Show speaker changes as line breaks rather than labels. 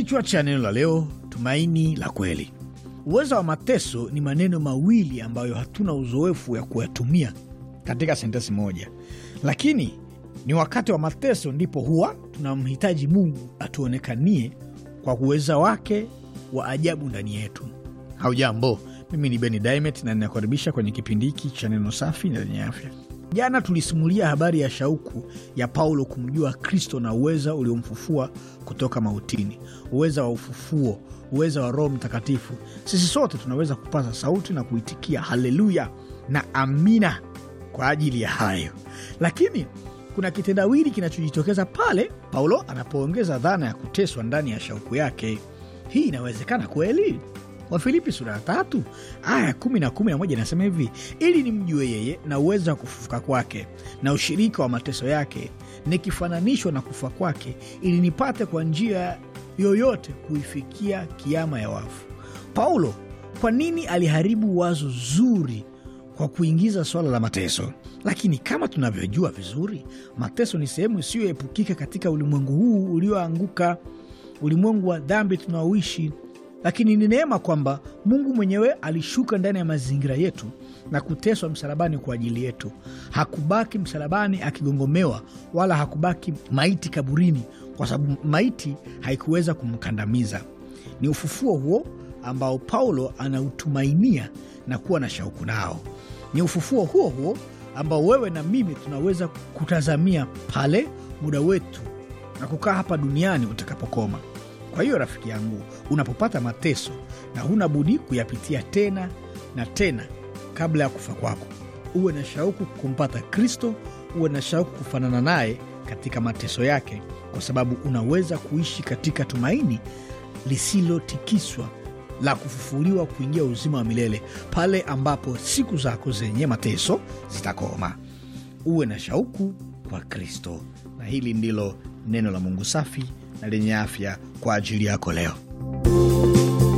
Kichwa cha neno la leo: tumaini la kweli. Uweza wa mateso ni maneno mawili ambayo hatuna uzoefu ya kuyatumia katika sentensi moja, lakini ni wakati wa mateso ndipo huwa tunamhitaji Mungu atuonekanie kwa uweza wake wa ajabu ndani yetu. Haujambo, mimi ni Beni Dimet na ninakaribisha kwenye kipindi hiki cha neno safi na lenye afya. Jana tulisimulia habari ya shauku ya Paulo kumjua Kristo na uweza uliomfufua kutoka mautini, uweza wa ufufuo, uweza wa Roho Mtakatifu. Sisi sote tunaweza kupaza sauti na kuitikia haleluya na amina kwa ajili ya hayo, lakini kuna kitendawili kinachojitokeza pale Paulo anapoongeza dhana ya kuteswa ndani ya shauku yake. Hii inawezekana kweli? Wafilipi sura ya tatu aya ya kumi na kumi na moja inasema hivi: ili nimjue yeye na uwezo wa kufufuka kwake na ushirika wa mateso yake, nikifananishwa na kufa kwake, ili nipate kwa njia yoyote kuifikia kiama ya wafu. Paulo kwa nini aliharibu wazo zuri kwa kuingiza swala la mateso? Lakini kama tunavyojua vizuri, mateso ni sehemu isiyoepukika katika ulimwengu huu ulioanguka, ulimwengu wa dhambi tunaoishi. Lakini ni neema kwamba Mungu mwenyewe alishuka ndani ya mazingira yetu na kuteswa msalabani kwa ajili yetu. Hakubaki msalabani akigongomewa, wala hakubaki maiti kaburini, kwa sababu maiti haikuweza kumkandamiza. Ni ufufuo huo ambao Paulo anautumainia na kuwa na shauku nao. Ni ufufuo huo huo ambao wewe na mimi tunaweza kutazamia pale muda wetu na kukaa hapa duniani utakapokoma. Kwa hiyo rafiki yangu, unapopata mateso na huna budi kuyapitia tena na tena kabla ya kufa kwako, uwe na shauku kumpata Kristo, uwe na shauku kufanana naye katika mateso yake, kwa sababu unaweza kuishi katika tumaini lisilotikiswa la kufufuliwa kuingia uzima wa milele pale ambapo siku zako zenye mateso zitakoma. Uwe na shauku kwa Kristo, na hili ndilo neno la Mungu safi na lenye afya kwa ajili yako leo.